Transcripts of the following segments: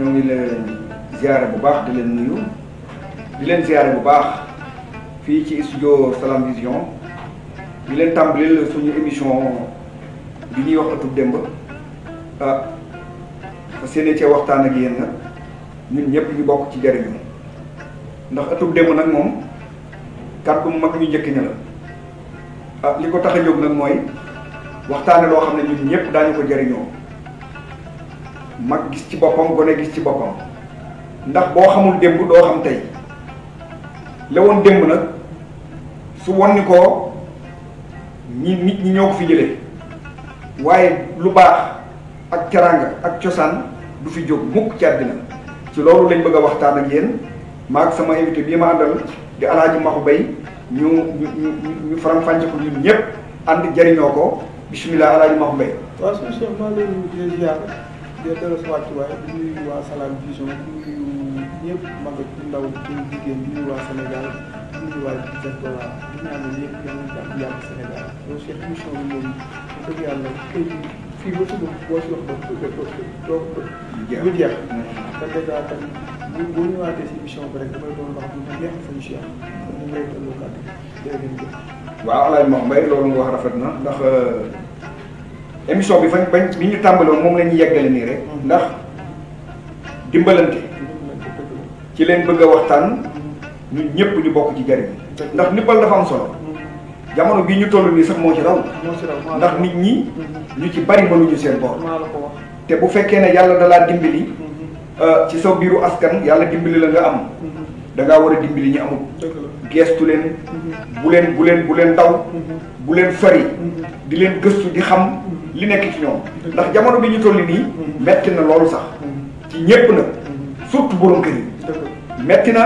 ñoo ngi leen ziare bu baax di leen nuyu di leen ziare bu baax fii ci studio Salam Vision di leen tàmbalil suñu émission bi ñuy wax ëttub démb ah seen cee waxtaan ak yéen ñun ñëpp ñu bokk ci jariñu ndax ëttub démb nag moom kàddu mag ñu njëkk ña la ah li ko tax a jóg nag mooy waxtaane loo xam ne ñun ñëpp daañu ko jariñoo mag gis ci boppam gone gis ci boppam ndax boo xamul démb doo xam tey la démb nag su wonni koo ñi nit ñi ñoo ko fi jëlee waaye lu baax ak teraanga ak cosaan du fi jóg mukk ci àddina ci loolu lañ bëgg a waxtaan ak yéen maag sama invité bii ma àndal di alaaji Maxu Bay ñu ñu ñu faram-fàcce ko ñun ñëpp ànd jëriñoo ko bisimilah alaaji Maxu Bay. di dellu si wàccuwaay di nuyu waa Salam Vision di nuyu ñëpp mag ak ndaw di jigéen di nuyu waa Sénégal di nuyu waa diaspora di ñaanal ñëpp yàlla na jàpp yàlla Sénégal loolu seen émission bi moom wax dëgg yàlla tey fii ba suba boo si wax ba tuuti toog ko du jeex te dèjà tamit bu boo ñëwaatee si émission bi rek damay doon wax bu ñu neex sañ si am ñu ngay tëllu kàddu jërë ngeen jëf waaw Alaay Mbaye loolu nga wax rafet na ndax euh, émission bi fa bañ bi ñu tàmbaloon moom la ñuy yeggale nii rek mm-hmm. ndax dimbalante ci leen bëgg a waxtaan ñun ñëpp ñu bokk ci jariñ ndax ndimbal dafa am solo mm-hmm. jamono bii ñu toll nii sax moo ci raw ndax nit ñi mm-hmm. ñu ci bari mënuñu seen bor te bu fekkee ne yàlla dalaa dimbali euh, ci sa biiru askan yàlla dimbali la nga am da ngaa war a dimbali ñu amul geestu leen bu leen bu leen bu leen daw bu leen fari di leen gëstu di xam li nekk ci ñoom ndax jamono bi ñu toll nii metti na loolu sax ci ñépp na surtout borom kër metti na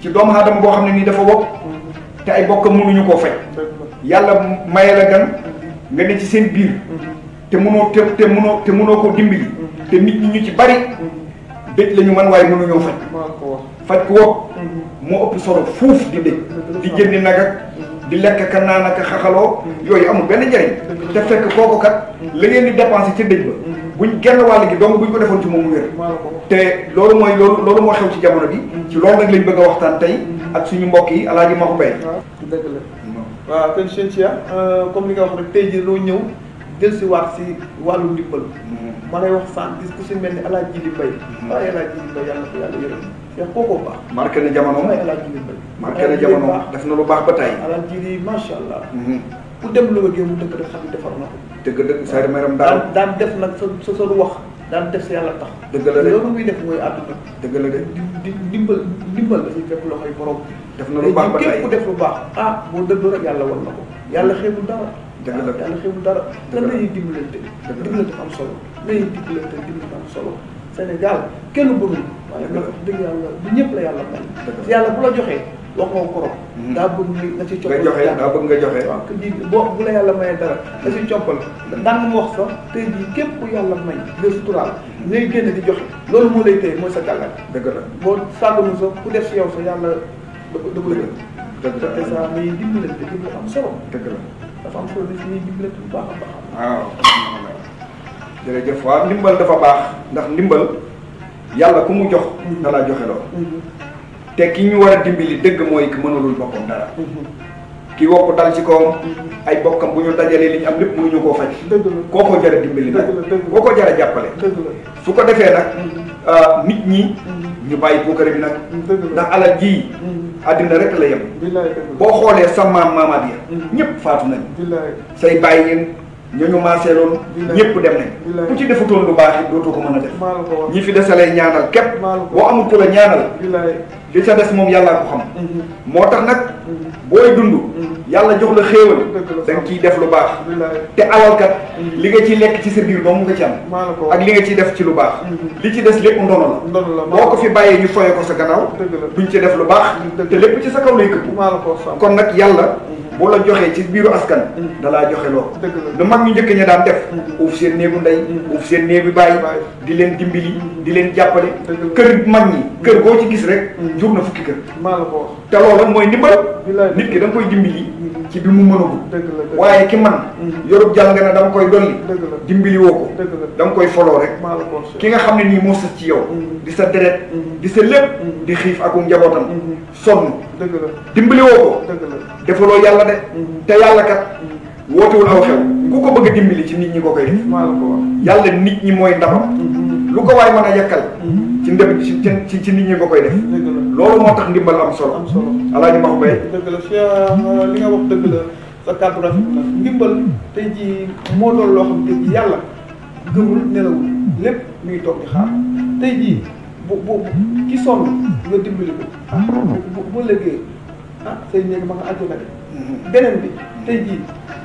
ci doomu aadama boo xam ne nii dafa wokk te ay bokkam mënuñu koo faj yàlla maye la gan nga ne ci seen biir te mënoo te te mënoo te mënoo koo dimbali te nit ñi ñu ci bari dëj lañu ñu mën waaye mënuñoo faj faj ku mhm. moo ëpp solo fuuf di dëj di génni nag ak di lekk ka naan ak xaxaloo mhm. yooyu amul benn njëriñ te fekk kooku kat mhm. la ngeen di dépensé ci dëj ba buñ genn wàll gi donc buñ ko defoon ci moom mu wér te loolu mooy loolu loolu moo xew ci jamono bi ci loolu nag lañ bëgg a waxtaan tey ak suñu mbokk yi alaaji ma ko bay dëgg la waaw kon seen cia euh, comme li nga wax rek tey jii loo ñëw del si waat si wàllu ndimbal ma lay wax sànq gis ku si mel ni alaaji di bay waaye alaaji di bay def ko ko baax. marqué na jamonoom mooy alaaj jiri mbay. marqué na jamonoom def na lu baax ba tey. alaaj jiri macha allah. Mhm. ku dem lu nga mu dëgg da xam ne defar na ko. dëgg dëgg saa yaram daal daan def nag sa sa sa wax daan def sa yàlla tax. dëgg la de loolu muy def mooy àdduna. dëgg la de di ndimbal ndimbal dafay fekk loxoy borom. def na lu baax ba tey képp ku def lu baax ah boo dëgg rek yàlla war na ko. Mm. yàlla xeebul dara. dëgg la yàlla xeebul dara. dëgg la te nañuy dimbalante. dëgg la dimbalante am solo nañuy dimbalante dimbalante am solo Sénégal kenn bëggul waaye loolu wax dëgg yàlla du ñëpp la yàlla may yàlla mm-hmm. daa bëgg na ci coppal nga joxe bëgg nga joxe waaw ji boo bu la yàlla mayee dara na ci coppal daan mu wax sa tey jii képp ku yàlla may nga suturaal mm-hmm. ngay génn di joxe loolu moo lay tey mooy sa gàllank dëgg la boo sàgganu sax ku def si yow sa yàlla da ko da dëgg la di lu dafa am solo daf ñuy dimbalante bu baax a baax waaw jërëjëf waaw ndimbal dafa baax ndax ndimbal yàlla ku mu jox dala joxe lool mm-hmm. te ki ñu war a dimbali dëgg mooy ki mënulul boppam dara mm-hmm. ki wokk dal ci kawam mm-hmm. ay bokkam bu ñu dajalee li ñu am lépp mënuñu koo faj koo ko jar a dimbali nag koo ko jar jàppale su ko defee nag ah, nit ñi ñu bàyyi puukare bi nag ndax alal jii àddina rek la yem boo xoolee sa maam maamaat ya ñëpp faatu nañ say bàyyi yéen ñooñu maaseeloon ñëpp dem nañ ku ci defutoon lu baax it dootoo ko mën a def ñi fi desalee ñaanal képp boo amul ku la ñaanal li sa des moom yàllaa ko xam mhm. moo tax nag mhm. booy dund mhm. yàlla jox la xéewal da nga ciy def lu baax te alalkat li nga ciy lekk ci sa biir moom mu nga ci am ak li nga ci def ci lu baax li ci des lépp ndono la boo ko fi bàyyee ñu foye ko sa gannaaw duñ ci def lu baax te lépp ci sa kaw lay këpp kon nag yàlla boo la joxee ci biiru askan mm. dalaa joxe loo lu mag ñu njëkk ña daan def mm. uuf seen néegu ndey mm. uuf seen néegu bàyyi di leen dimbali di leen jàppale kër mag ñi kër boo ci gis rek jur na fukki kër maa la ko wax te loolu mooy ndimbal nit ki da nga koy dimbali ci bi mu mënagul waaye ki man mm-hmm. yorub jàng na dama koy dolli dimbali woo ko da nga koy foloo rek ki nga xam ne nii moo sës ci yow mm-hmm. di sa deret mm-hmm. di sa lépp di xiif ak njabootam sonn dimbali woo ko defaloo yàlla de te yàlla kat wootewul aw xew ku ko bëgg a ci nit ñi ko koy def yàlla nit ñi mooy ndamam lu ko waay mën a yekkal ci ndëb ci ci ci nit ñi nga koy def loolu moo tax ndimbal am solo am solo alaaji Max Mbaye dëgg la Cheikh euh, li nga wax dëgg la sa kàddu rafet na ndimbal tey ji moo doon loo xam tey ji yàlla gëmul nelawul lépp muy toog di xaar tey jii bu bu ki sonn nga dimbali ko ah bu bu lëggee ah say néeg ma nga àjjana mm-hmm. beneen bi tey jii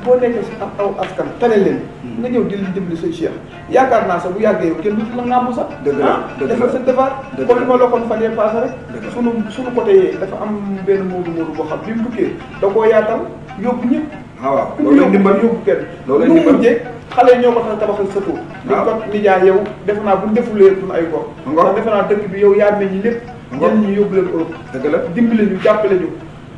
boo nekkee si ak aw askan tane leen hmm. nga ñëw di leen dimbali say cheikh yaakaar naa sax bu yàggee yow kenn dutu la nàmb sax ah dafa sa devoir comme li ma la kon fa yee passé rek sunu sunu dafa am benn moodu moodu boo xam bi mu duggee da koo yaatal yóbbu ñëpp ah, waaw loolu ndimbal yóbbu kenn loolu ndimbal mujjee xale ñoo ko tax tabaxal sa tur di kot nijaay yow defe naa buñ defulee suñu ay gox ndax defe naa dëkk bi yow yaa meññ lépp jël ñu yóbbu leen Europe dëgg la dimbali ñu jàppale ñu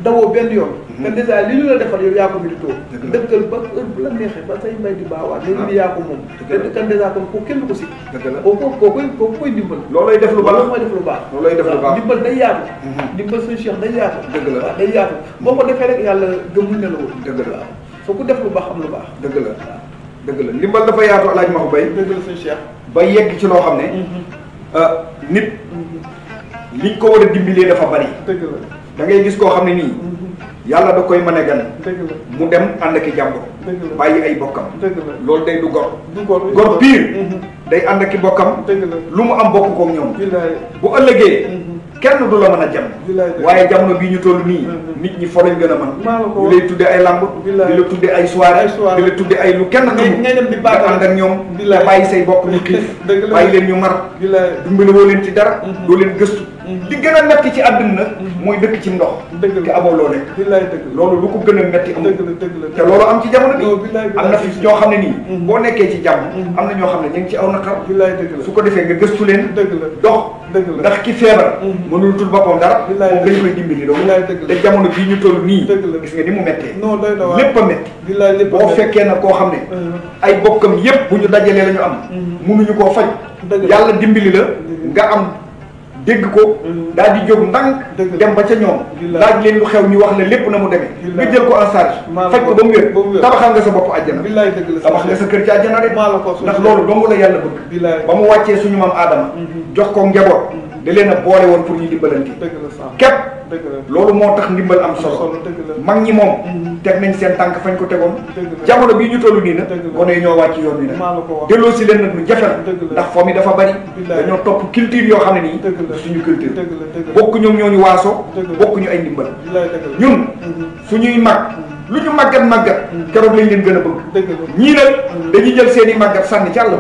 dawoo benn yoon. Mhm. te dèjà li ñu la defal yow yaa ko militoo. dëgg ba heure bu la neexee ba say mbay di baawaat. waaw ah. loolu yaa ko moom. dëgg te kan dèjà kon kooku kenn ko si. dëgg la kooku kooku kooku koy dimbal. loolooy def lu baax looloo mooy def lu baax. loolooy def lu baax dimbal day yaatu. Mhm. dimbal suñu cheikh day yaatu. dëgg la waaw day yaatu boo ko defee rek yàlla gëmuñ ne la woon. dëgg la waaw soo ko def lu baax am lu baax. dëgg la dëgg la ndimbal dafa yaatu alaaj ma ko bay. dëgg la suñu cheikh. ba yegg ci loo xam ne. Mhm. Euh, nit liñ ko war a dimbalee dafa bari. dëgg la da ngay gis koo xam ne nii mhm. yàlla da koy mën a gan mu dem ànd ak i jàmbur bàyyi ay bokkam loolu day du gor gor piir mhm. day ànd ak i bokkam lu mu am bokk koog ñoom bu ëllëgee mhm. kenn du la mën a jam waaye jamono bii ñu toll nii nit ñi fo gën a mën di lay tuddee ay lamb di la tuddee ay soirée di la tudde ay lu kenn xamul nga ànd ak ñoom bàyyi say bokk ñu xiif bàyyi leen ñu mar dimbali woo leen ci dara doo leen gëstu li gën a metti ci àdduna mooy dëkk ci ndox te amoo loo lekk billaay dëgg loolu lu ko gën a metti amul te loolu am ci jamono am na fi xam ne nii mm-hmm. boo nekkee ci jàmm mm-hmm. am na ñoo xam ne ñu ngi ci aw naqar billaay dëgg su ko defee nga gëstu leen dox ndax ki feebar mm-hmm. mënul tul boppam dara moom dañ dimbili dimbali loolu te jamono bii ñu toll nii gis nga ni mu mettee lépp a metti boo fekkee na koo xam ne ay bokkam yépp bu ñu dajalee la am munuñu koo faj yàlla dimbali la nga am dégg ko daal di jóg ndànk dem ba ca ñoom laaj leen lu xew ñu wax la lépp na mu demee nga jël ko en charge faj ko ba mu wér tabaxal nga sa bopp àjjana tabax nga sa kër ci àjjana rek ndax loolu dong la yàlla bëgg ba mu wàccee suñu maam aadama mhm. jox ko njaboot mhm. da leen a boole woon pour ñu dimbalante képp loolu moo tax ndimbal am solo mag ñi moom mm-hmm. teg nañ seen tànk fañ ko tegoon jamono bii ñu tollu nii na gone ñoo wàcc yoon wi nag delloo si leen nag lu jafe ndax foo mi dafa bari dañoo topp culture yoo xam ne nii suñu culture bokk ñoom ñooñu waaso bokk ñu ay ndimbal ñun mm-hmm. suñuy mag mm-hmm. lu ñu màggat màggat mm. keroog lañ leen gën a bëgg ñii nag dañuy jël seen i màggat sànni ci àll ba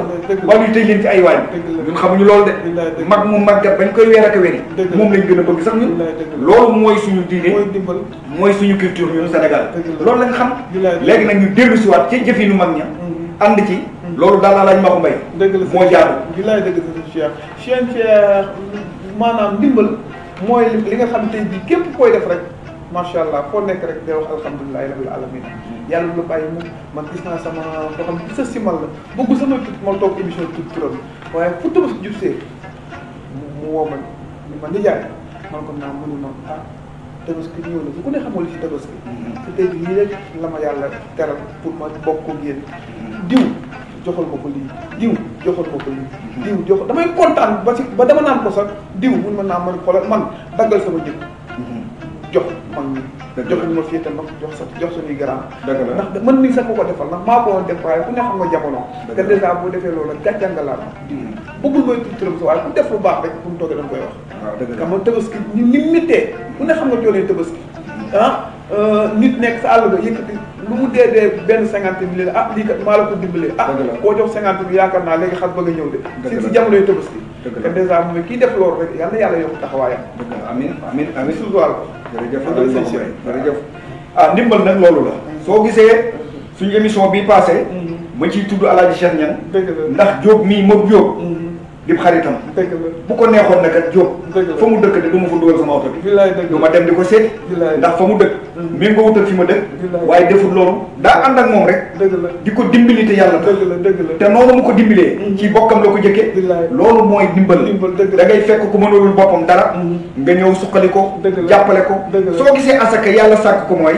wala ñu tëj leen ci ay waañ ñun xamuñu loolu de mag mu màggat bañ koy weer ak weri moom lañ gën a bëgg sax ñun loolu mooy suñu diine mooy suñu culture ñun Sénégal loolu lañ xam léegi nag ñu dellu si waat ci jëfinu mag ña mm-hmm. ànd ci mm-hmm. loolu daal lañ ma ko mbay moo jaadu bilaay dëgg la Cheikh Cheikh Cheikh maanaam ndimbal mooy li nga xam tey bi képp koy def rek macha allah foo nekk rek day wax alhamdulilahi rabil alamin yàlla lu bàyyi mu man gis naa sama boo xam gis na simal la bëgg sama tut ma toog émission culturelle waaye fu tabaski jub see mu woo ma ni ma nijaay man ko ah, ku ne xamoo li ci tabaski te tey bi lii rek la ma yàlla teral pour ma bokk ak yéen joxal ma ko lii diw joxal ma ko lii diw jox damay kontaan ba ci ba dama naan ko sax diw mun ma naa man xoolal man daggal sama jëkk jox mag ñi joxuñ ma féete mag jox sa jox suñuy garant ndax mën ni sax ma ko defal ndax maa ko woon def waaye ku ne xam nga jamono te dèjà boo defee loolu gàcce nga laal hmm. bëggul mooy turam sa waaye ku def lu baax rek bu mu toogee dañ koy wax ah, xam nga ne xam nga coolee tabaski ah euh, nit nekk sa àll ba yëkkati lu mu dee dee benn cinquante mille ah lii kat maa la ko dimbalee ah koo jox cinquante mille yaakaar naa léegi xas bëgg a ñëw de si si jamonoy tabaski te dèjà mooy kii def loolu rek yàlla yàlla yokk taxawaayam. amiin amiin amiin suuduwaal ko. jërëjëf Aliou Sow jërëjëf ah ndimbal nag loolu la. soo gisee suñu émission bii passé mm-hmm. ma ciy tudd El Hadj Cheikh ndax Diop mii moom Diop. Mm-hmm. di xaritam bu ko neexoon na kat jóg fa mu dëkk de du ma dugal sama oto bi du dem di ko seet ndax fa mu dëkk mi hmm. nga wutal fi ma dëkk waaye deful loolu daa ànd ak moom rek di ko dimbali te yàlla te noonu mu ko dimbalee hmm. ci bokkam la ko jëkke loolu mooy dimbal da ngay fekk ku mënalul boppam dara hmm. nga ñëw suqali ko jàppale ko soo gisee asaka yàlla sàkk ko mooy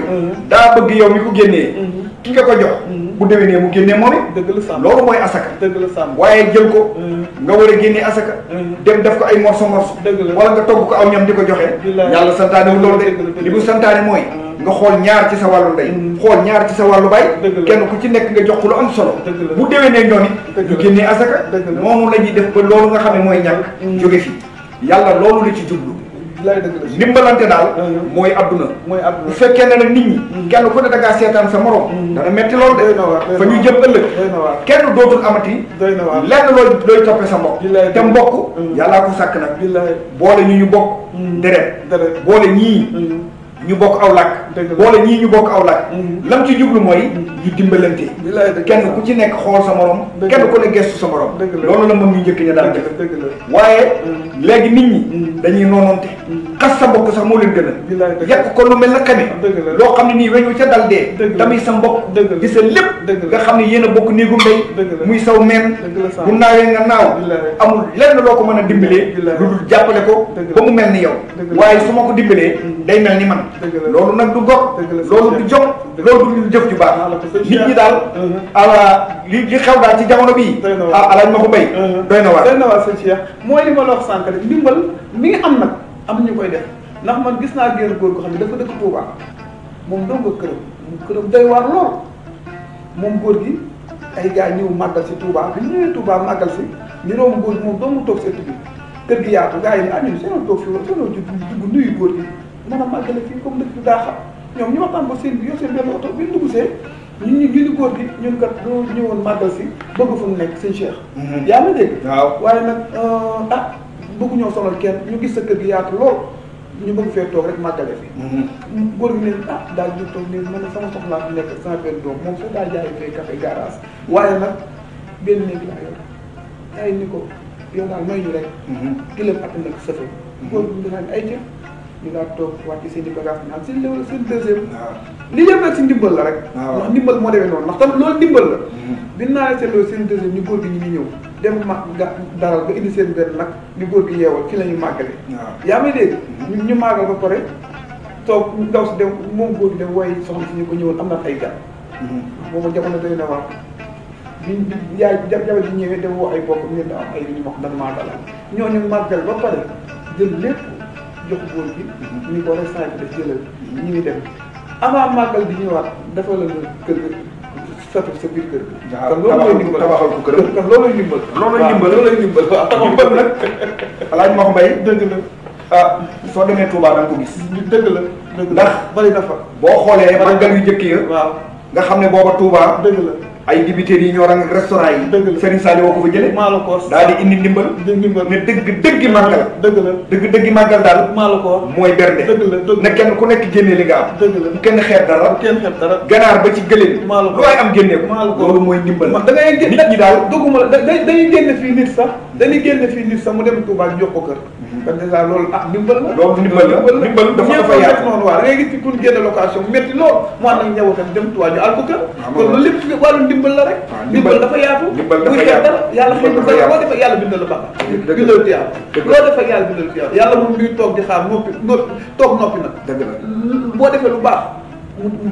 daa bëgg yow mi ko génnee ki nga ko jox. Mm-hmm. bu nee mu génnee moom it. dëgg la sàmm loolu mooy asaka. dëgg la sàmm waaye jël ko. Mm-hmm. nga war a génnee asaka. Mm-hmm. dem def ko ay morso morso. dëgg la nga togg ko aw ñam di ko joxe. yàlla santaane wu loolu de li mu santaane mooy. nga xool ñaar ci sa wàllu ndey. xool ñaar ci sa wàllu baay. kenn ku ci nekk nga jox ko lu am solo. bu déwénee ñoom it. ñu génnee asaka. dëgg la noonu def ba loolu nga xam ne mooy ñàkk. jóge fii yàlla loolu la ci jublu. dimbalante daal ah, ah. mooy adduna bu fekkee ne nag nit ñi mm-hmm. kenn ku ne da ngaa seetaan sa morom mm-hmm. dana metti lool de fa ñu jëm ëllëg kenn dootul amati lenn looy looy toppe sa mbokk te mm-hmm. mbokk yàllaa ko sàkk nag boole ñu ñu bokk deret boole ñii ñu bokk aw làkk boole ñii ñu bokk aw làkk lam ci jublu mooy ñu dimbalante kenn ku ci nekk xool sa morom kenn ku ne gestu sa morom loolu la moom ñu njëkk ña daan def waaye léegi nit ñi dañuy noonoonte xas sa mbokk sax moo leen gën a yàq ko lu mel na xame loo xam ne nii weñu ca dal dee tamit sa mbokk di sa lépp nga xam ne yéen a bokk néegu mbéy muy saw meen bu naawee nga naaw amul lenn loo ko mën a dimbalee lu dul jàppale ko ba mu mel ni yow waaye su ma ko dimbalee day mel ni man loolu nag du gor loolu du jom loolu du jëf ju baax nit ñi daal uh-huh. ala li li xew daal ci jamono bii ah alaaj ma ko bay uh-huh. doy na waar doy na waar sëñ Cheikh mooy li ma la wax sànq rek ndimbal mi ngi am nag am ñu koy def ndax man gis naa génn góor goo xam ne dafa dëkk Touba moom doo nga këram moom këram doy waar lool moom góor gi ay gars ñëw màggal si Touba bi ñu ñëwee Touba màggal si ñu doom góor gi moom doo mu toog seetu bi kër gi yaatu gars yi ni ah ñun seen toog fi war seen judd nuyu góor gi mën a màggale fii comme dëkk bi daa xam ñoom ñu waxtaan ba seen bi yow seen benn oto bi ñu dugg see ñun ñu ñu góor gi ñun kat doo ñëwoon màggal si bëgg fu mu nekk seen cheikh mhm. yaa ngi dégg waaw waaye nag euh, ah bëggu ñoo sonal kenn ñu gis sa kër gi yaatu lool ñu bëgg fee toog rek màggale fi mhm. góor gi ne ah daal ñu toog ne a sama soxlaa bi nekk sama benn doom moom foofu daal jaay fee café garage waaye nag benn néeg laa yor ay ni ko yow daal may ñu rek mhm. kilam at nag ñu ay ñu naa toog wàcc seen i bagage naan seen lew seen deuxième li lépp nag si ndimbal la rek ah, ndax ndimbal moo demee noonu ndax tam loolu ndimbal la mm-hmm. bi naa seen lew seen ñu góor gi ñu ngi ma nga daral nga indi seen benn nag ñu góor gi ci la ñu màggale ah. yaa may dégg mm-hmm. ñu ñu màggal ba pare toog ndaw dem moom góor dem waaye soxna si ñëwoon am na ay gan moom mm-hmm. jamono doy na waar biñ yaay jafe-jafe bi ñëwee dem woo ay bokk ñu am ay li ñu wax dan màggal ñooñu màggal ba pare jël lépp jox góor gi. ñu ko rek saa def jëlal ñu ngi dem avant màggal di ñëwaat dafa la kër ga satu sa biir kër ga. kon loolu lay ndimbal tabaxal ku kër kon loolu lay ndimbal. loolu lay ndimbal loolu lay ndimbal waaw tabaxal nag. alaaj Mokho Mbaye dëgg la ah soo demee Touba da nga ko gis. dëgg la dëgg ndax bari na fa. boo xoolee màggal yu njëkk ya. nga xam ne booba Touba dëgg la. ay dibiteer yi ñoo rangal restaurant yi. dëgg la Serigne Saliou woo ko fa jëlee. maalo koor daal di indi ndimbal. ndimbal ne dëgg dëggi màggal. dëgg li ko. maalo da ngay nit loolu moo nag ñëw tam dem Touba ñu al ko kër kon loolu lépp wàllu ndimbal la rek. Ah, ndimbal dafa yaatu. ndimbal dafa yaatu yàlla xëy na loo def ak yàlla bindal la baax. dëgg la bindal tiyaat. dëgg la loo def ak yàlla bindal tiyaat yàlla moom luy toog di xaar noppi noppi toog noppi nag. dëgg la boo defee lu baax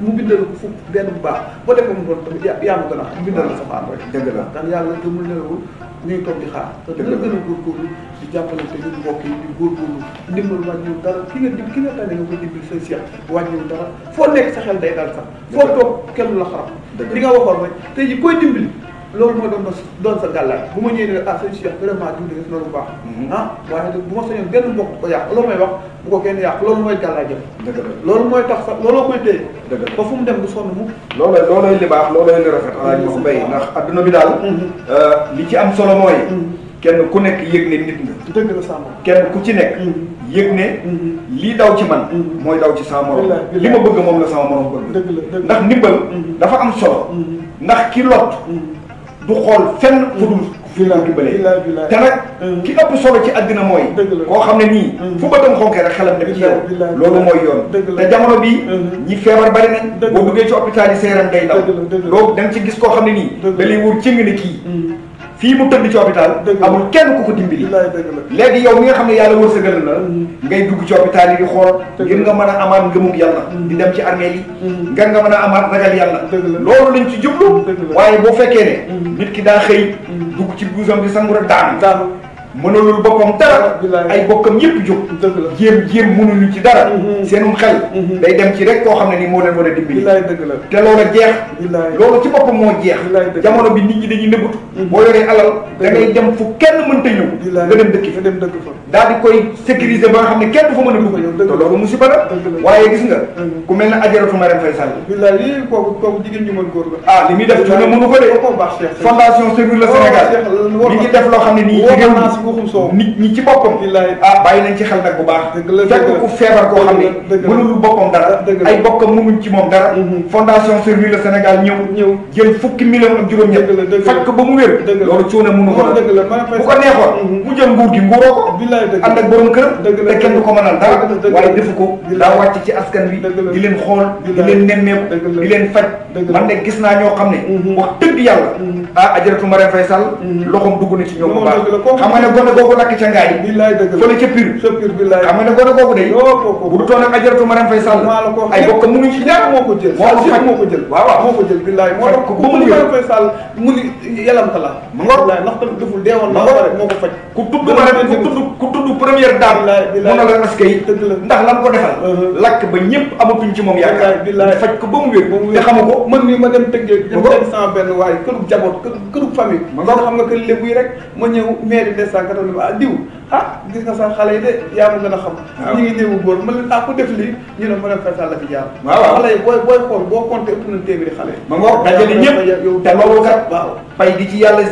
mu bindal ko fu benn bu baax boo defee mu doon tamit yaa yaa ma gën a xam. la sa baax rek. dëgg la ndax yàlla gëmul nelawul ñu ngi toog di xaar te dina gën a góorgóorlu di jàppale te ñun mbokk yi di góorgóorlu ndimbal wàññiwul dara ki nga dim ki nga tane nga ko dimbil say seex wàññiwul dara foo nekk sa xel day dal sax foo toog kenn la xaram li nga waxoon rek tey ji koy dimbali loolu mooy doon doon sa gàllaay bu ma ñëwee ne ah sëñ Cheikh vraiment diw def loolu baax mhm. ah waaye nag bu ma sañoon benn mbokk ko yàq loolu mooy gàllaay jëf loolu mooy tax sax looloo koy téye ba fu mu dem du sonn mu loolu loolay li baax loolay li rafet mhm. ala ñu mbay mhm. ndax adduna bi daal euh, li ci am solo mooy kenn ku nekk yëg ne nit nga dëgg la sàmm kenn ku ci nekk yëg ne lii daw ci man mooy daw ci sama morom li ma bëgg moom la sama morom bëgg ndax ndimbal dafa am solo ndax ki lot du xool fenn fu dul fi la tibbalee te nag hmm. ki ëpp solo ci àddina mooy koo xam ne nii hmm. fu bëtam xonkee rek xelam def ci yow loolu mooy yoon te jamono bi hmm. ñi feebar bari nañ boo duggee ci hôpital yi seeram day daw loolu ci gis koo xam ne nii da lay wóor cëng ne kii fii mu tëdd ci hôpital amul kenn ku ko dimbali léegi yow mi nga xam ne yàlla wërsëgal na mm. ngay dugg ci hôpital yi di xool ngir nga man a amaat ngëmug yàlla mm. di dem ci armeel yi mm. ngir nga mën a amaat ragal yàlla loolu lañ ci jublu waaye boo fekkee ne nit ki daa xëy dugg ci buusam di sangu rek daanu mënalul boppam dara ay bokkam yëpp jóg jéem jéem mënuñu ci dara mm-hmm. seenum xel mm-hmm. day dem ci rek koo xam ne ni moo leen war a dimbali te loola jeex loolu ci boppam moo jeex jamono bi nit ñi dañuy nëbbatu mm-hmm. boo yoree alal da ngay dem fu kenn mënta ñëw nga dem dëkk fa daal di koy sécuriser ba nga xam ne kenn du fa mën a dugg te loolu musiba la waaye gis nga ne ajaratu Marème Faye Sall billaay kooku kooku ñu mën góor la ah li muy def coono mënu ko de fondation Servir le Sénégal def loo xam ne nii jigéen waxum soow nit ñi ci boppam ah bàyyi nañ ci xel nag bu baax fekk ku feebar koo xam ne mënulu boppam dara ay bokkam mënuñ ci moom dara mm-hmm. fondation Servir Sénégal ñëw ñëw jël fukki million ak juróom faj ko ba mu wér loolu cuune mënu ko bu ko neexoon mm-hmm. mu jël nguur gi nguuroo ko ànd ak borom kër te kenn du ko mënal dara waaye defu ko daa wàcc ci askan wi di leen xool di leen nemmeeku di leen faj man de gis naa ñoo xam ne mm-hmm. wax dëgg yàlla ah ajaratu Marème Faye Sall loxoom dugg na ci ñoom bu baax gone googu lakk ca ngaay billaay dëgg fële ca pir ca pir billaay xam nga ne gone googu day bu du toon ak ajaratu Marème Faye Sall ay bokk mënuñ ci ñaar moo ko jël moo ko jël waaw waaw moo ko jël billaay moo tax ko mu Marème Faye Sall mu ni yelamta la ma ngor ndax tamit deful deewoon na moo ko faj ku tudd Marème ku tudd ku tudd dugg première dame. mun na la nas kay ndax lan ko defal. Uh-huh. lakk ba ñëpp amatuñ ci moom yaakaar. billaay faj ko ba mu wér. ba mu wér te xamu ko man mii ma dem tëggee. dem dem sans benn waaye kërug jaboot kërug famille. ma nga xam nga kër lébu yi rek ma ñëw mairie des cent quatre-vingt ah diw ah gis nga sax xale yi de yaa ma gën a xam. waaw ñu ngi néewu góor ma leen ah ku def lii ñu ne ma dem fay la fi jaar. waaw waaw xale yi booy booy xool boo compté ëpp nañ téeméeri xale. ma ngoog dajale ñëpp te loolu kat waaw pay gi ci yàlla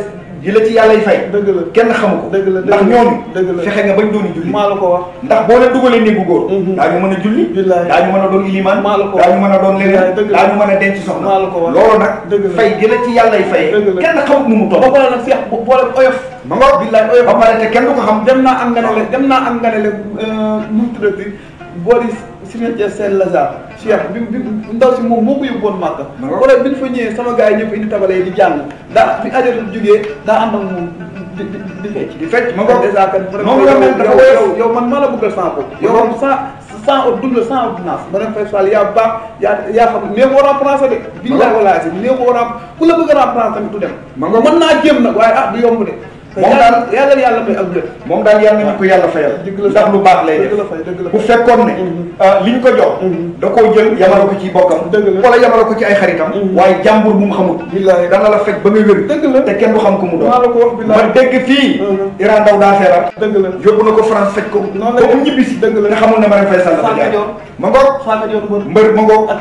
yi la ci yàlla yi fay. dëgg la kenn xamu ko. dëgg la ndax ñooñu. dëgg la fexe nga bañ doon julli. maa la ko wax ndax boo leen dugalee néegu góor. Mhm. daañu mën a julli. billaay daañu mën a doon ilimaan. maa la ko wax daañu mën a doon leneen. dëgg la daañu mën a denc soxna. maa la ko wax loolu nag. dëgg la fay gi la ci yàlla yi fay. dëgg la kenn xamut nu mu toll. ba boole nag feex boole oyof. ma nga billaay oyof ba pare te kenn du ko xam. dem naa am nga ne la dem naa am nga ne la euh, nu mu tuddati boole Cimetière Saint-Lazare. Cheikh bi bi ndaw si moom moo ko yóbbuwoon Màkka. wala bi ñu fa ñëwee sama gars yi ñëpp indi tabale yi di jàng daa bi ajotul jógee daa ànd ak moom di di fecc. di fecc ma bokk dèjà kat. moom la mel yow yow yaa baax yaa yaa xam néew war a de. billahi wala si néew war a ku la bëgg a remplacer tamit dem. ma nga naa jéem nag waaye ah du yomb de. moom daal yàlla yàlla may yàlla nañu ko yàlla lu baax lay def bu fekkoon ne mm-hmm. ah, li ñu ko jox mm-hmm. da koo jël yamala ko ci ay xaritam mm-hmm. waaye jàmbur bu mu xamul dana la fekk ba nga wér te kenn du xam ko mu doon ma dégg fii Iran Ndaw daa feebar yóbbu na ko France fekk ko ba mu ñibbisi nga xamul ne ma fay sàll ma jaay ma mbër ma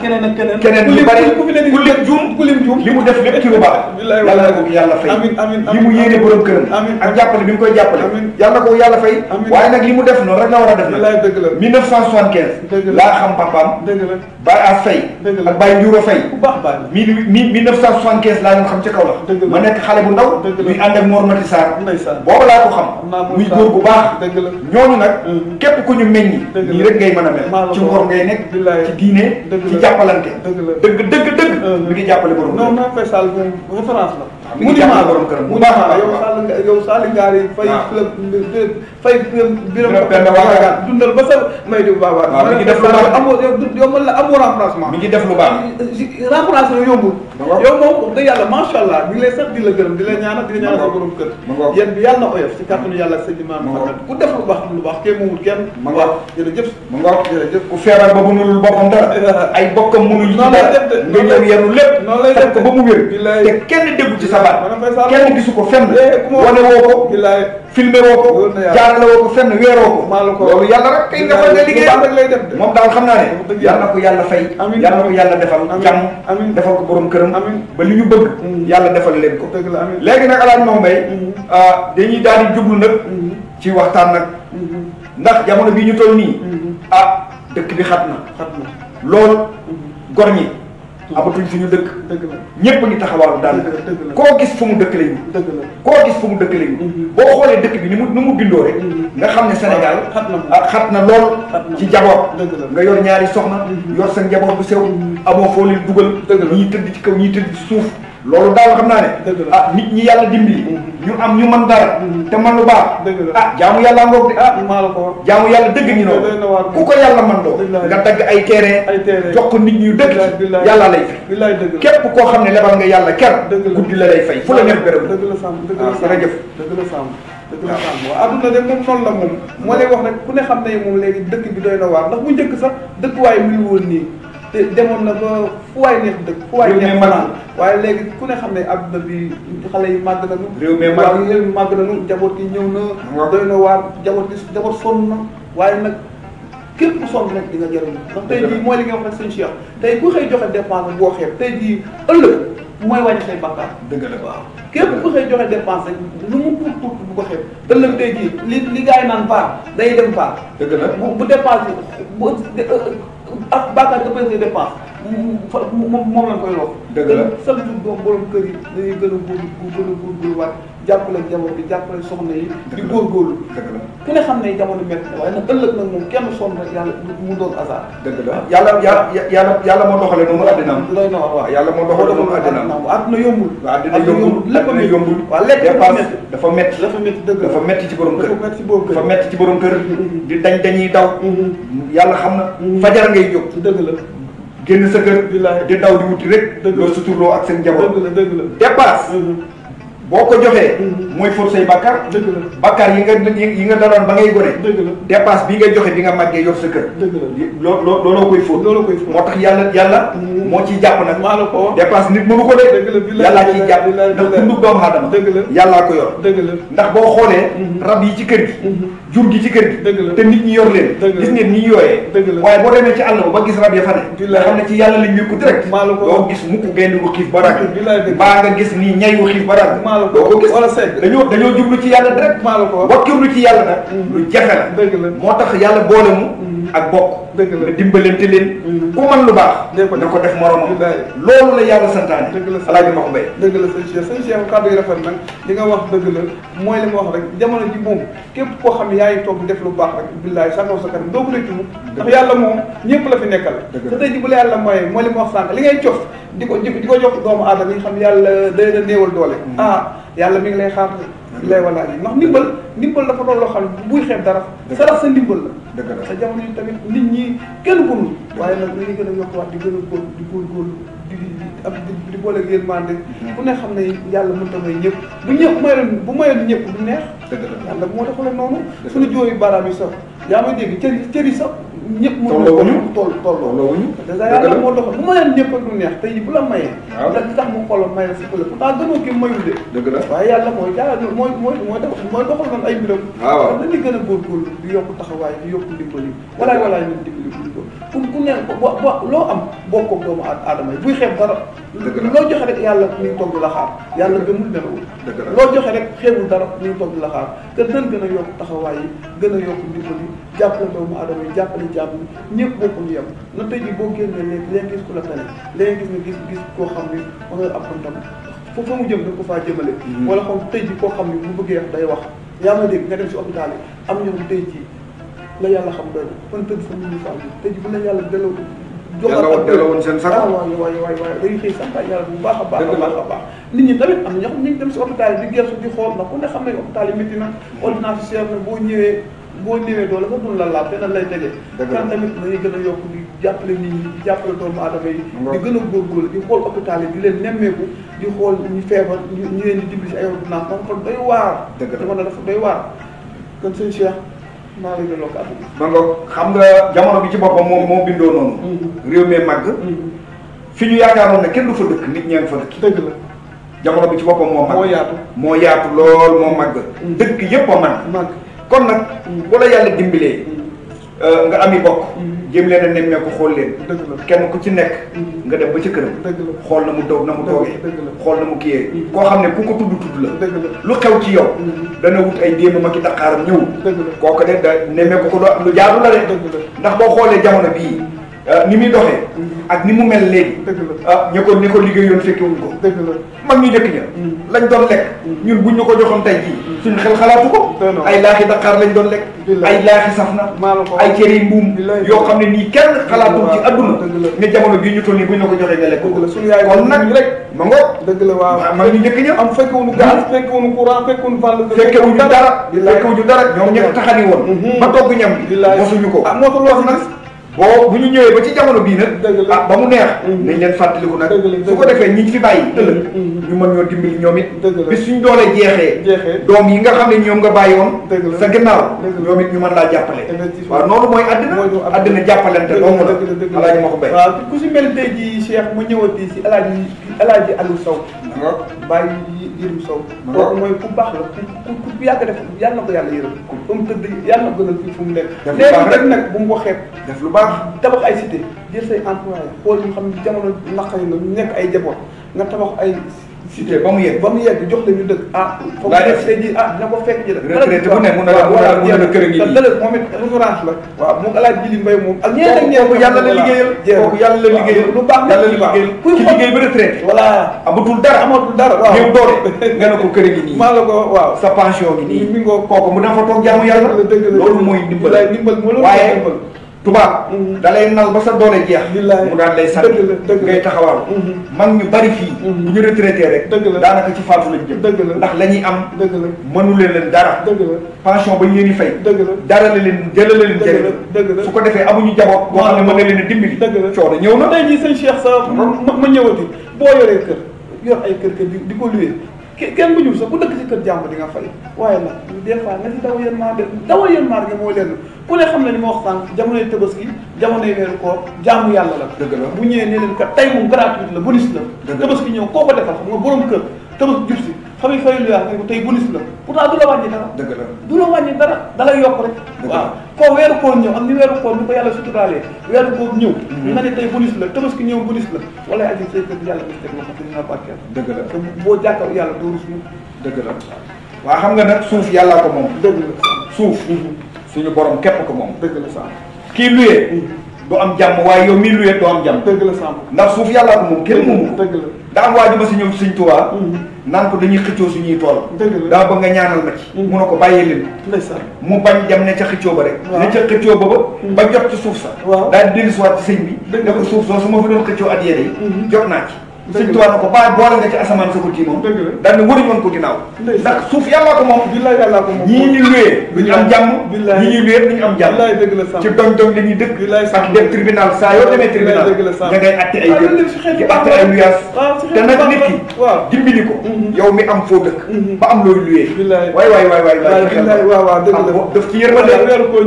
keneen li bari ku lim juum li mu def lépp ci lu baax yàlla na li mu yéene borom këram amiin ak jàppale bi mu koy jàppale. amiin yàlla na ko yàlla fay. waaye nag li mu def noonu rek la war a def. wallaay dëgg la 1975. laa xam papaam. dëgg la Baye As Faye. dëgg la ak Baye Ndiouro Faye. bu baax baax mi mi 1975 laa ñu xam ca kaw la. ma nekk xale bu ndaw. dëgg la muy ànd ak Mor Mati boobu laa ko xam. muy góor bu baax. dëgg nag. Mm. képp ku ñu meññi. dëgg nii rek ngay mën a mel. ci ngor ngay nekk. ci diine. dëgg la ci dëgg dëgg dëgg mm. mi ngi jàppale borom. non mu ni maa mu ni maa yow Sall yow Sall Ngaar yi fay. Ah. fay biram dundal ba sa may di baax baax. Ah, mi ngi def lu baax amoo yow man la amoo remplacement. mi ngi def lu baax. remplacement yombul. yow moom da yàlla macha allah ñu ngi lay sax di la gërëm di la ñaanal di la ñaanal sa borom kër. yéen bi yàlla na oyof si kàttanu yàlla ak sëñ bi maanaam. ma ku def lu baax lu baax kee moomul kenn. ma ngoog jërëjëf. ma ngoog jërëjëf. ku feebar ba mënul boppam dara ay bokkam mënul. noonu lay def de nga ñëw yenn lépp. noonu lay def ko ba mu wér te kenn déggu ci sa Ba kenn gisu ko fenn. Eh, wane woo ko. filmé woo ko. jaarale woo ko fenn weeroo ko. la ko loolu yàlla rek kay defal nga liggéeyam moom daal xam naa ne. yàlla na ko yàlla fay. amiin yàlla na ko yàlla defal. jàmm defal ko borom këram. ba li ñu bëgg. Mm. yàlla defal leen ko. dëgg la amiin léegi nag alaaj Maodo Mbaye. Mm. Ah, dañuy daal di jublu nag. Mm. ci waxtaan nag. Mm-hmm. ndax jamono bi ñu toll nii. Mm-hmm. ah dëkk di xat na. xat na loolu mm-hmm. gor ñi amatuñ fi ñu dëkk ñëpp ngi taxawaalu daanaka koo gis fu mu dëkk lañu koo gis fu mu dëkk lañu mhm. boo xoolee dëkk bi ni mu ni mu bindoo rek mhm. nga xam ne Sénégal ah, xat na lool ci jaboot nga yor ñaari soxna mhm. yor sa njaboot bu sew amoo foo leen dugal ñii tëdd ci kaw ñii tëdd ci suuf loolu daal xam naa ne. ah nit ñi yàlla dimbali. Mm-hmm. ñu am ñu mën dara. Mm-hmm. te man lu baax. ah jaamu yàlla ngoog de ah. la ko jaamu yàlla dëgg ñu noonu. ku ko yàlla man doo. nga dagg ay terrain. ay terrain jox ko nit ñi dëgg. yàlla lay fay. képp koo xam ne lebal nga yàlla ker. guddi la lay fay fu la neex béréb. dëgg la Samb dëgg la Samb dëgg la Samb dëgg la Samb waaw adduna de moom noonu la moom. moo lay wax rek ku ne xam ne moom léegi dëgg bi doy na waar ndax bu njëkk sax dëkkuwaay mi woon nii te demoon na ba fu waay neex dëkk fu waay neex fanaan waaye léegi ku ne xam ne adduna bi xale yi màgg nañu réew mi màgg réew mi na nañu jaboot gi ñëw na doy na waar jaboot gi jaboot sonn na waaye nag képp ku sonn rek di nga jëriñ ndax tey jii mooy li nga wax rek sëñ Cheikh tey ku xëy joxe dépense boo xeeb te jii ëllëg mooy wàññi say bàkkaar dëgg la waaw képp ku xëy joxe dépense rek lu mu tuut tuut bu ko xeeb ëllëg tey jii li li gars yi naan paar day dem paar dëgg la bu dépense bu ak baakaar nga président dépense moom moom lañ koy wax. dëgg la chaque jour doom borom kër yi dañuy gën a góorgóorlu gën a góorgóorluwaat jàppale jamono bi jàppale soxna yi di góorgóorlu ku ne xam ne jamono métti na waaye nag ëllëg nag moom kenn sonn rek yàlla mu doon hasard dëgg la ah. yàlla yàlla yàlla moo doxale noonu addinaam lay na waaw waaw yàlla moo doxale noonu addinaam adduna yombul waaw addina yombul lépp a yombul waaw lépp dafa métti dafa métti dëgg dafa métti ci borom kër dafa métti ci borom kër di dañ dañuy daw mm-hmm. yàlla xam na mm-hmm. fajar ngay jóg dëgg la génn sa kër di daw di wuti rek dëgg la suturloo ak seen njaboot dëgg la dëgg la dépasse mm-hmm. boo ko joxee mooy for say bàkkaar bàkkaar yi nga yi nga daloon ba ngay gone dépense bi nga joxe bi nga màggee yor sa kër loo loo looloo koy fóot moo tax yàlla yàlla mm. moo ci jàpp nag dépense nit mënu ko de yàllaa ciy jàpp ndax dundub doomu aadama yàllaa ko yor ndax boo xoolee mm-hmm. rab yi ci kër gi mm-hmm. jur gi ci kër gi te nit ñi yor leen gis ngeen ni ñu yooyee waaye boo demee ci àll ba ba gis rab ya fa ne nga xam ne ci yàlla lañ wékku direct doo gis mukk gaynde ko xiif ba rag mbaa nga gis nii ñayu xiif ba rag doo ko gis dañoo dañoo jublu ci yàlla direct wakkirlu ci yàlla nag mm. lu jafe la moo tax yàlla boole mm. ak bokk dëgg la nga dimbalante leen. Mm-hmm. ku mën lu baax. dee ko def ko def moromam. loolu la yàlla santaane. dëgg la sëñ Alaaji Mbay dëgg la yi nga wax dëgg la mooy li ma wax rek jamono ji moom képp koo xam yaa ngi toog def lu baax rek billaay sànnoo sa kanam doo ko rëccu ndax yàlla moom ñëpp la fi nekkal. la te tey ji bu la yàlla mooy li ma wax sànq li ngay cof di ko di ko jox doomu aadama yi xam yàlla day la néewal doole mm-hmm. ah yàlla mi ngi lay xaar lay walaay ndax ndimbal ndimbal dafa doon loo xam ne buy xeeb dara sarax sa ndimbal la sa jamono yi tamit nit ñi kenn bunul waaye nag dañuy gën a yokkuwaat di gën a góor di góorgóorlu góor ak di boole yéen mande ku ne xam ne yàlla mënta may ñëpp bu ñëpp mayoon bu mayoon ñëpp du neex yàlla bu moo defale noonu suñu jóoyu baaraam yi sax yaa may dégg cër yi cër yi sax ñëpp mënul toll tolloo wuñu dèjà yàlla moo doxal bu mayoon ñëpp ak lu neex tey bu la mayee da tax mu xooloon mayee si pële pourtant gënoo kii mayul de la waaye yàlla mooy jaa mooy mooy mooy gën a góorgóorlu di di yokk la xaar yàlla gëmul nelawul loo joxe rek la xaar te a yokk taxawaay yi gën a yokk ndimbal yi jàppale doomu aadama yi jàppale jàmm ñëpp bokkuñu yem na tey jii boo génnee léegi léegi gis ku la tane léegi gis nga gis koo xam ni ma nga ab kontam foofu mu jëm da ko faa jëmale mm-hmm. wala xam tey jii koo xam ni bu bëggee wax day wax yaa ma dégg nga dem si hôpital yi am ñoom la xam doy fan tëdd sa munu faam yi tey jii bu la yàlla seen sax ah, waaw waay waay waay dañuy xëy sax a baax a baax a baax nit ñi tamit na ñoo xam ne ñu dem si hôpital yi di gersu di xool ndax ku ne xam ne hôpital yi métti na mm-hmm. ordonnance cher na boo ñëwee boo néewee doole ba dul la laal dana lay tege. dëgg la tamit dañuy gën a yokk di jàppale nit ñi di jàppale doomu aadama yi. di gën a góorgóorlu di xool hôpital yi di leen nemmeeku di xool ñu feebar ñu leen di dimbali si ay ordonnance xam kon doy waar. dëgg la dama ne dafa doy waar. kon sëñ Cheikh maa lay delloo xam nga jamono bi ci boppam moom moo bindoo noonu. Mm-hmm. réew mi màgg. Mm-hmm. fi ñu yaakaaroon ne kenn du fa dëkk nit ñeen fa dëkk. dëgg la. jamono bi ci boppam moo màgg moo yaatu moo yaatu lool moo màgg. Mm-hmm. dëkk yëpp a màgg kon nag boo wala yàlla dimbalee euh, nga am i bokk mm-hmm. jéem leen a nemmeeku xool leen kenn ku ci nekk mm-hmm. nga dem ba ci këram xool na mu doog na mu toogee xool na mu kiyee mm-hmm. koo xam ne ku ko tudd tudd la lu xew ci yow dana wut ay démb ma ki daqaaram ñëw kooku de da nemmeeku ko lu jaadu la de ndax boo xoolee jamono bii Euh, ni muy doxee. Mm-hmm. ak ni mu mel léegi. ah ña ko ña ko liggéeyoon fekkewuñ ko. dëgg la mag ñu njëkk ña. Mm-hmm. lañ doon lekk. Mm-hmm. ñun buñ ñu ko joxoon tey jii. suñu xel xalaatu ko. ay laaxi daqaar lañ doon lekk. ay laaxi saf na. ay cere yi mbuum. yoo xam ne nii kenn xalaatul ci adduna. ne jamono bii ñu toll nii buñ la ko joxee nga lekk. dëgg la suñu yaay kon nag rek. ma ngoog dëgg la waaw mag ñu njëkk ña. am fekkewuñu gaz hmm? fekkewuñu courant fekkewuñu vall. fekkewuñu dara fekkewuñu dara ñoom ña ko hmm. taxani woon. ba hmm. togg ñam bi mosuñu ko. ah mosul loolu nag boo bu ñu ñëwee ba ci jamono bii nag ah, ba mu neex mm. nañ leen fàttaliku nag su ko defee ñi fi bàyyi ëllëg ñu mën ñoo dimbali ñoom it bis suñ doolee jeexee doom yi nga xam ne ñoom nga bàyyi woon sa gannaaw ñoom it ñu mën laa jàppale waaw noonu mooy àddina àddina jàppalante doomu la alaaji ma ko bay waaw ku si mel tey ji Cheikh mu ñëwati si alaaji alaaji Aliou Sow bàyyi yërëm Sow kooku mooy ku baax la ku ku yàgg def yàlla na ko yàlla yërëm fu mu tëdd yàlla na ko gënal fi fu maanaam tabax ay cité jël say employé xool ñu xam ne jamono naqari la ñu nekk ay jaboot nga tabax ay cité ba mu yegg ba mu yegg jox la dëkk ah foog cité ah, fekk ji mun na la kër ngi nii dëlëg moom yàlla la liggéeyal kooku yàlla la liggéeyal lu baax yàlla la liggéeyal ci liggéey ba retraité voilà amatul dara amatul dara waaw ñëw doole nga ne ko kër ngi nii maa la ko waaw sa pension gi nii mi ngoo kooku mu dafa loolu mooy ndimbal tubaab da lay nal ba sa doole jeex mu daal lay sànni ngay taxawal mhm. mag ñu bari fii mhm. bu ñu retraité rek daanaka ci faatu lañ jëm ndax la ñuy am mënu leen leen dara pension ba ñu leen di fay dara la leen jëlale leen jëriñ su ko defee amuñu jaboot boo xam ne mën na leen a dimbali coono ñëw na tey jii sëñ Cheikh sa ma ñëwati boo yoree kër yor ay kër kër di ko luwee kenn bu ñu sax ku dëkk ci kër jàmbur di nga fay waaye nag des fois nga ci daw yéen maa de daw yéen maa de mooy lenn ku ne xam ne ni ma wax sànq jamonoy Tabaski jamonoy weeru koor jaamu yàlla la. dëgg la bu ñëwee nee leen ka tey moom gratuit la bonus la. dëgg la Tabaski ñëw koo ko defal xam nga borom kër Tabaski jub si. famille familiale kay tey bonus la pourtant du la wàññi dara. dëgg la du la wàññi dara dalay yokk rek. waaw foofu weeru koor ñëw am ni weeru koor ni ko yàlla suturaalee weeru koor ñëw. Mm-hmm. ñu ne tey bonus la tabaski ñëw bonus la wala ay say kër yàlla dañ teg loxo dina barkeel. dëgg yàlla doo ko moom. dëgg la suuf. Mm-hmm. suñu borom kepp ko moom. dëgg la sax kii luyee. Mm-hmm. du am jàmm waaye yow mii luyee doo am jàmm. dëgg la sax ndax suuf yàllaa ko moom kenn moomu dëgg la daa am waa ji ma si ñëw sëñ Tuubaa mm-hmm. naan ko dañuy xëccoo suñuy tool daa bëgg nga ñaanal ma ci mm-hmm. mu ne ko bàyyi leen mu bañ dem ne ca xëccoo ba rek ne ca xëccoo ba ba mm-hmm. ba jot ci suuf sa daal di dellusiwaat ci sëñ bi ne ko suuf soo su ma fi doon xëccoo at yére yi jot naa ci suñ tubaab na boole nga ci asamaan sa ko kii moom daal ne waruñu woon ko suuf yàllaa ko moom billaay yàllaa ko moom ñii ñu luwee duñu am jàmm ñii ñuy luwee duñu am jàmm ci doñ doñ la ñuy dëkk ak def tribunal saa yoo demee tribunal da ngay atte ay jël ah, di atte ay luyaas ah, te nag nit ki dimbali ko mhm. yow mi am foo dëkk mhm. ba am looy luwee waay waay waay waay waaw waaw dëgg la daf ci yërmande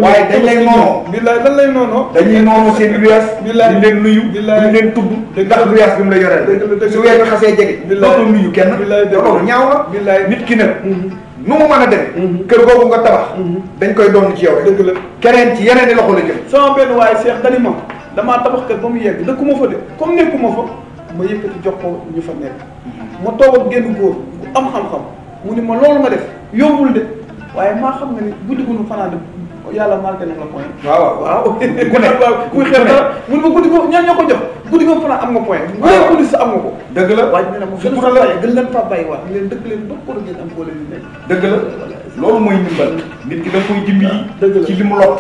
waaye dañ lay noonoo billaay dañ lay noonoo dañuy noonoo seen luyaas duñ leen nuyu duñ leen tudd ndax luyaas bi mu la yoreel su weer bi xasee jege dootul nuyu kenn loolu ñaaw na nit ki nag mm-hmm. nu mu man a demee mm-hmm. kër googu nga tabax mm-hmm. dañ koy doon ci dëgg la keneen ci yeneen i loxo la jëm sama benn waaye seex dani ma damaa tabax kër ba mu yegg dëkkuma fa de comme nekkuma fa ma yëkkati jox ko ñu fa nekk ma toog ak génn góor bu am xam-xam mu ni ma loolu nga def yombul de waaye maa xam nga ni guddi gu nu fanaan yàlla marqué na la point. waaw waaw ku ku xew dara mu ne ma guddi boobu ñaan ñoo ko jox guddi boobu fanaan am nga point. waaw bu guddi sa am nga ko. dëgg la waaye nee gën a fa bàyyi gën leen fa bàyyi waat leen dëkk leen ngeen dëgg la. loolu mooy ndimbal nit ki da nga koy dimbali ah, ci li mu lot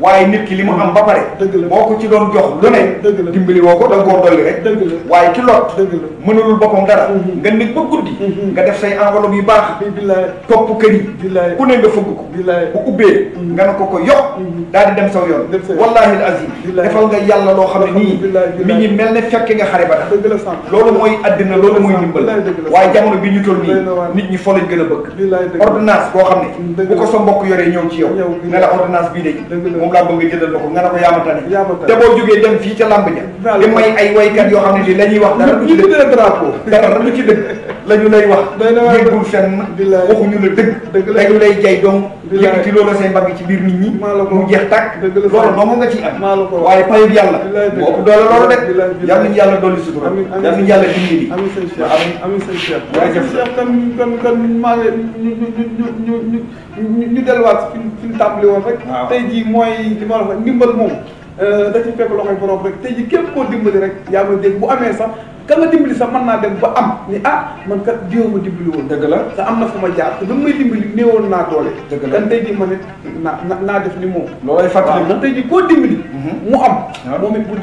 waaye nit ki li mu am ba pare boo ko ci doon jox lu ne dimbali woo ko da nga koo dolli rek waaye ci lot mënalul boppam mm-hmm. nga nekk ba mm-hmm. nga def say enveloppe yu baax topp kër yi ku ne nga fëgg ko bu ubbee mm-hmm. nga ne ko ko yokk daal di dem saw yoon wallahi azim defal nga yàlla loo xam ne nii mi ngi mel ne fekke nga xare ba tax loolu mooy addina loolu mooy ndimbal waaye jamono bi ñu toll nii nit ñi fo lañ gën a bëgg koo xam ne bu ko sa mbokk yoree ñëw ci yow ne la ordonnance bii de moom laa bëgg nga jëndal ma nga ne ko yaamatane te boo jógee dem fii ca làmb ja di may ay waykat yoo xam ne li la wax dara du ci dëgg dara du ci loolu noonu nga ciy am waaye payub yàlla moo ëpp doole rek yàlla nañu yàlla dolli sutura yàlla nañu yàlla dimbali amiin amiin sëñ Cheikh amiin sëñ ñu ñu ñu delluwaat fi fi ñu tàmbali woon rek. waaw tey jii mooy li ma la moom. Euh, da ci fekk loxoy borom rek tey jii képp koo dimbali rek yaa ngi dégg amee sax ka nga dimbali sax mën naa dem ba am ni ah man kat diw ma dimbali woon. dëgg la te am na fu ma jaar te ba may naa doole. dëgg la kan tey jii ma ne naa naa ni moom. loolay fàttali na tey jii koo dimbali. Mhm. mu am. waaw moom it bu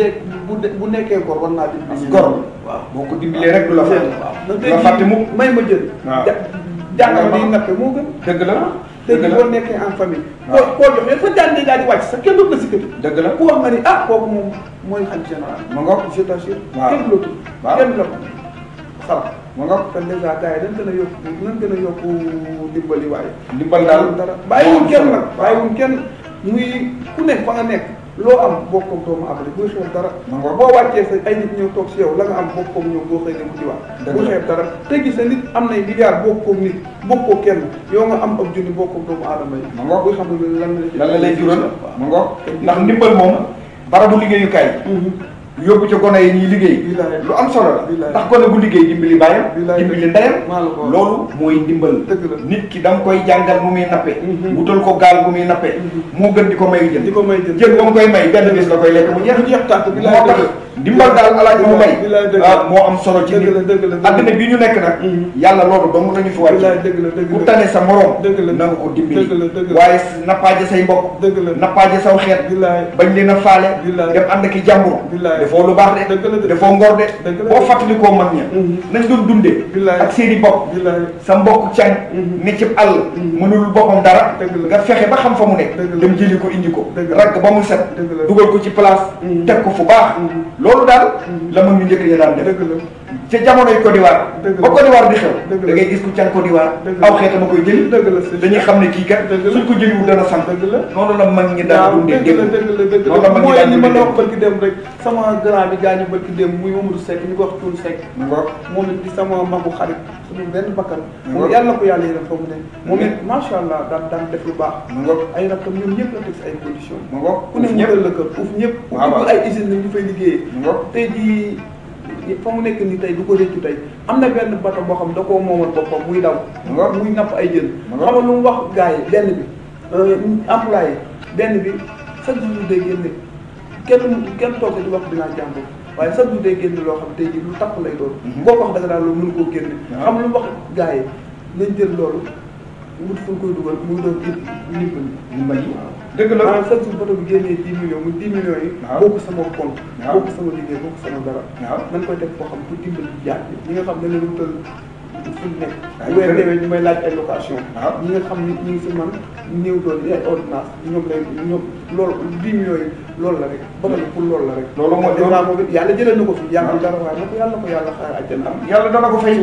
dee bu nekkee gor naa dimbali. gor waaw boo ko dimbalee rek du la fàtte. waaw du may ma jël. waaw jàngama day nappe moo gën. dëgg la dëgg la boo nekkee en famille. waaw koo koo jox fa daan daal di wàcc sax kenn dootu si dëgg ku wax nga ni ah kooku moom mooy xalifa général. ma a je t'assure. waaw kenn dootu kenn la ko xaw ma ngoog kon dèjà gars yi dañ gën a yokku dañ gën a yokku dimbali waaye. dimbal daal dara bàyyiwul kenn nag bàyyiwul kenn muy ku nekk fa nga loo am bokkoog doomu aadama bul xeeb dara boo wàccee sa ay nit ñëw toog si yow la nga am bokkoog ñëw boo xëy dem ci waat bul xeeb dara te gis na nit am nay milliard bokkoog nit bokkoog kenn yow nga am ab junni bokkoog doomu aadama yi ma ngoog xam ne lan la la lay jural ma ngoog ndax ndimbal moom barabu liggéeyukaay mm-hmm. yóbbu ci gone yi ñuy liggéey lu am solo la ndax gone bu liggéey dimbali bàyyam dimbali ndeyam loolu mooy ndimbal nit ki da nga koy jàngal bu muy nappe mhm. wutal ko gaal bu muy nappe mhm. moo gën di ko may jën jën ba mu koy may benn bis la koy lekk mu jeex moo tax ndimbal daal alaaj mu may moo am solo ci nit àddina bi ñu nekk nag mm-hmm. yàlla loolu dong nañu fi wàcc ku tane sa morom na nga ko dimbali waaye nappaaje say mbokk nappaaje saw xeet bañ leen a faale dem ànd ki jàmbur defoo lu baax de defoo ngor de boo fàttalikoo mag ña mm-hmm. nañ doon dunde ak seeni bopp sa mbokk can mm-hmm. ne ci àll mënul boppam dara nga fexe ba xam fa mu nekk dem jëli ko indi ko ragg ba mu set dugal ko ci place teg ko fu baax loolu daal la mag ñu njëkk ña daan def ca jamono yu Côte d'Ivoire ba Côte d'Ivoire di xew da ngay gis ku can Côte d'Ivoire aw xeeta ma koy jëli dañuy xam ne kii kat suñ ko jëliwu dana sant noonu la mag ñi daan dundee dégg noonu la mag ñi daan dundee ma la wax barki dem rek sama grand bi gaañu barki dem muy Mamadou Seck ñu ko wax Tour Seck moom it di sama magu xarit suñu benn bakkan moom yàlla ko yàlla yéen foofu ne moom it macha allah daan daan def lu baax ay rakkam ñoom ñëpp la teg si ay condition ku ne ñëpp la kër uuf ñëpp ay usine la ñu fay liggéeyee tey jii fa mu nekk nii tey du ko réccu tey am na benn bato boo xam da koo moomal boppam muy daw muy napp ay jën xamal lu mu wax yi benn bi euh, benn bi chaque jour day génne kenn kenn toog ci wax dinaa jàmbur waaye chaque jour day loo xam tey jii lu tapp lay doon boo mhm. wax koo génne xam lu mu wax gars yi nañ jël loolu wut fu ñu koy dugal muy doon jël ndimbal yi dëgg la maanaam chaque jour photo bi génnee dix millions mu dix millions yi. waaw bokk sama compte. waaw bokk sama liggéey bokk sama dara. waaw nañ koy teg foo xam pour dimbali jaar ñi nga xam ne la ñu toll suñ nekk. waaw weer deewee ñu may laaj ay location. waaw ñi nga xam ni ñu ngi si man néew doon ay ordonnance ñoom lay ñoom loolu dix millions yi loolu la rek. ba nga pour loolu la rek. loolu mooy loolu damaa boobu yàlla jëlee na ko fi. yàlla dara waaye nag yàlla ko yàlla xaar àjjana. yàlla dana ko fay.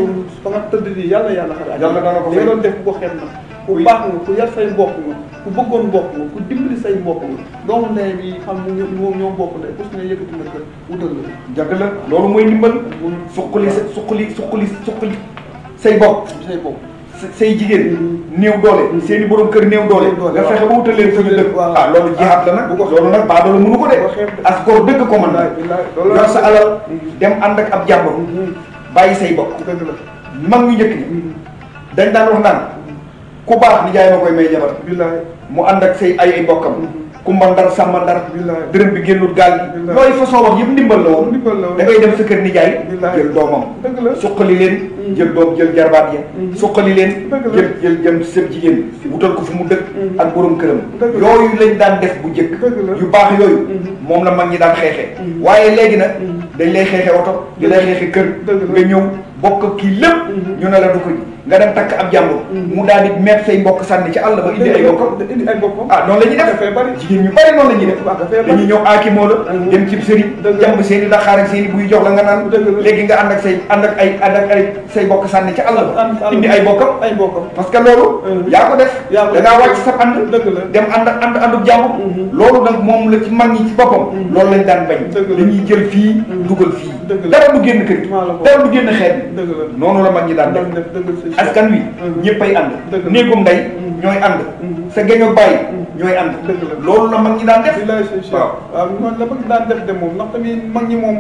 ba nga tëdd nii yàlla yàlla xaar àjjana. yàlla dana ko fay li nga doon def boo xeet na ku baax nga ku yar say mbokk nga ku bëggoon mbokk nga ku dimbali say mbokk nga doomu ndey bi xam ne ñoom ñoo mbokk ndey ku su ne yëkkati na ko wutal la jagg la loolu mooy ndimbal suqali sa suqali suqali suqali bokk say bokk say jigéen mm-hmm. néew doole mm-hmm. seen i borom kër néew doole nga fexe ba wutal leen suñu dëkk ah loolu ah, jihaat la nag bu ko loolu nag baa doole ko de as góor dëkk ko mën yor sa alal mm-hmm. dem ànd ak ab jàmbur bàyyi say bokk mag ñu njëkk ni dañ daan wax ku baax nijaay ma koy may jabar billaay mu ànd ak say ay ay mbokkam mm-hmm. kumba ndar sàmba ndar dërëm bi génnul gaal gi yooyu façon wax yëpp ndimbal la woon da ngay dem sa kër nijaay jël doomam suqali leen mm-hmm. jël doom jël jarbaat ya mm-hmm. suqali leen jël jël jëm sëb jigéen wutal ko fu mu dëkk ak borom këram yooyu lañ daan def bu njëkk yu baax yooyu moom na mag ñi daan xeexee waaye léegi na dañ lay xeexee oto di lay xeexee kër nga ñëw bokk kii lépp. Mhm. ñu ne la du ko nga dem takk ab jàmbur. Mhm. mu daal di say mbokk sànni ci àll ba indi ay mbokk indi ay mbokk ah noonu la ñuy def jigéen ñu bari noonu la ñuy def dañuy ñëw aakimoo mhm. la i la xaaral seen i sànni ci àll ba indi ay mbokkam parce que loolu yaa ko def da ngaa wàcc sa ànd dem ànd ak ànd àndub jàmbur loolu nag moom la ci mag ñi ci boppam loolu lañ daan bañ dañuy jël fii dugal fii dara du génn kër dara du génn xeet noonu la mag ñi daan def askan wi ñëppay ànd néegum ndey ñooy ànd sa géño bàyyi ñooy ànd loolu la mag ñi daan def waaw waaw noonu la mag ñi de moom ndax tamit mag ñi moom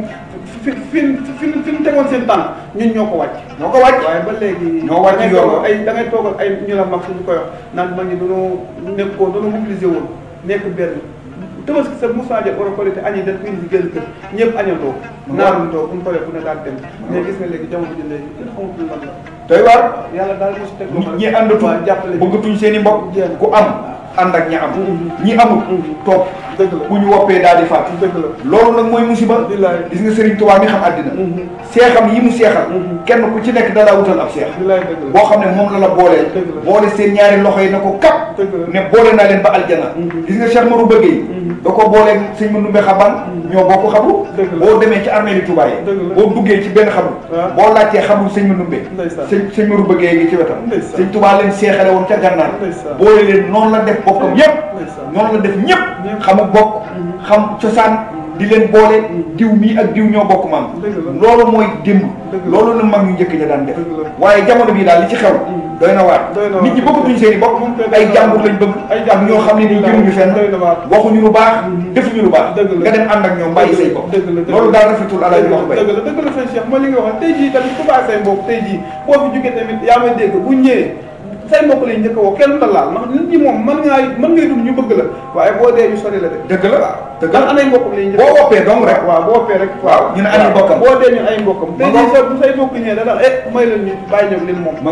fi fi fi fi ñu tegoon seen tànk ñun ñoo ko wàcc ñoo ko wàcc waaye ba léegi ñoo wàcc yoon ay da ngay toogal ay ñu la mag suñu koy wax naan mag ñi dañoo nekkoon dañoo mobilisé woon nekk benn tabaski sa Moussa Diop war a collecté añi def indi si génn kër ñëpp añandoo naarundoo bu ñu paree bu ne daal dem mais gis nga léegi jamono ji léegi kenn xamatul lan la doy waar yàlla daal mosi teg ñi àndatu bëggatuñ seen i mbokk ku am ànd ak ñi am mm-hmm. mm-hmm. toog dëgg bu ñu woppee daal di faat dëgg la loolu nag mooy musiba gis nga Serigne Touba mi xam àddina mhm. seexam yi mu seexal mhm. kenn ku ci nekk dala wutal ab seex boo xam ne moom la la boolee boole seen ñaari loxo yi ne ko kap ne boole naa leen ba aljana mhm. gis nga Cheikh Marou bëgg yi da ko boolee sëñ Mandoumbe ban ñoo bokk xabru boo demee ci armée li Touba yi boo duggee ci benn xabru ah. boo laajtee xabru sëñ Mandoumbe sëñ sëñ Marou bëggee ngi ci wetam sëñ Touba leen seexale woon ca gànnaar boole leen noonu la def bokkam noonu la def ñëpp xamu bokk xam cosaan di leen boole diw mii ak diw ñoo bokk maam loolu mooy démb loolu la mag ñu njëkk ña daan def waaye jamono bii daal li ci xew doy na waar nit ñi bokkatuñ seen i bopp ay jàmbur lañ bëgg ak ñoo xam ne nii jëmuñu fenn waxuñu lu baax defuñu lu baax nga dem ànd ak ñoom bàyyi say bopp loolu daal rafetul ala wax bay say mbokk lay njëkk a woo kenn la laal ndax nit moom mën ngaa mën ngay dund ñu bëgg la waaye boo dee ñu sori la de dëgg la waaw dëgg la anay mbokkam lay njëkk boo woppee dong rek waaw da dax eh may leen ñu bàyyi ñoom leen moom ma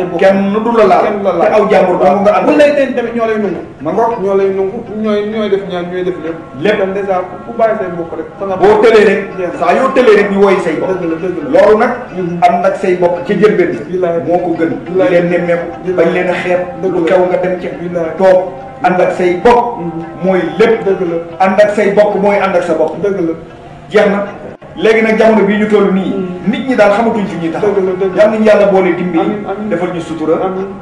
la laal kenn la laal te aw jàmbur dong nga am bu ñooy ñooy def ñaan ñooy def lépp lépp tam dèjà ku sa nga boo tëlee rek la yoo tëlee say bokk loolu nag mhm. am moo ko gën di leen nemmeeku bañ leen a xeeb lu xew nga dem ca toog ànd ak say bokk mhm. mooy lépp dëgg la ànd ak say bokk mooy ànd ak sa bopp dëgg la jeex na léegi nag jamono bii ñu toll nii mhm. nit ñi daal xamatuñ fi ñuy taxaw yal nañu yàlla boole dimbali defal ñu sutura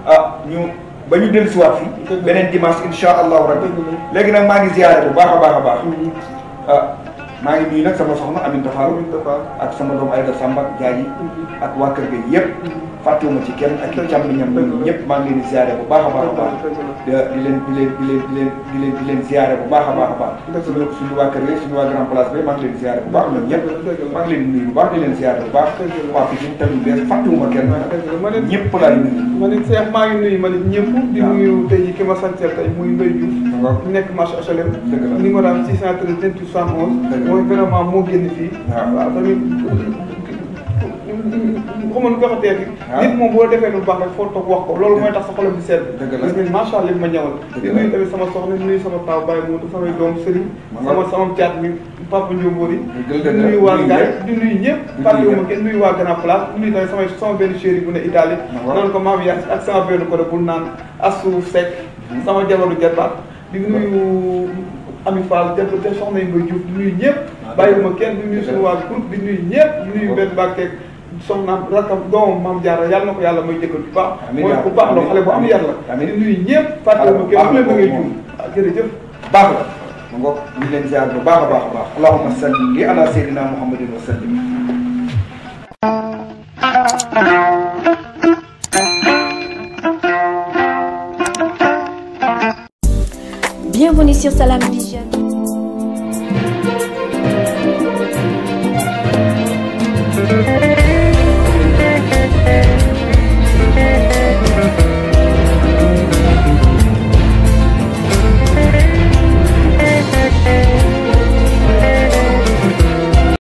ah ñu ba ñu dellu siwaat fi beneen dimanche insha allahu rabbi léegi nag maa ngi ziyaare bu baax a baax mhm. ah maa ngi nuyu nag sama soxna Aminta Fall ak sama doom Aïda Samba Jaaji ak waa kër ga fàttewuma ci kenn ak i càmmiñam ñoom ñëpp maa ngi leen di ziare bu baax a baax a baax di leen di leen di leen di leen di leen ziare bu baax a baax a kër yi suñu waa grand place bi maa ngi leen di ziare bu baax ñoom ñëpp maa ngi leen di nuyu bu baax di leen ziare bu baax waa Pikine tamit bees fàttewuma kenn ñëpp laay nuyu ma nit Cheikh maa ngi nuyu ma nit ñëpp di nuyu tey ki ma santeel tey muy Mbaye Diouf nekk marché HLM numéro am 613 2811 mooy vraiment moo génn fii waaw tamit xamuñu ko xatee ko loolu yi ak sama benn ko de bu naan Assou Seck hmm. sama jabaru jarbaat di nuyu Ami Fall jël te soxna yi Mbaye Diouf di nuyu ñëpp ah, bàyyi wu ma kenn di nuyu suñu waa groupe di nuyu ñëpp di nuyu benn bàkkeeg soxnaam rakkam doomam maam jaara yàlla na ko yàlla may jëkkal bu baax mooy bu baax loo xale bu am yar la di nuyu ñëpp fàttaliku kenn ku leen da ngay juum jërëjëf baax la ma ngoog ñu leen ziar bu baax a baax a baax allahumma salli li ala sayyidina muhammadin wa sallim Bienvenue sur Salam Vision. Thank you.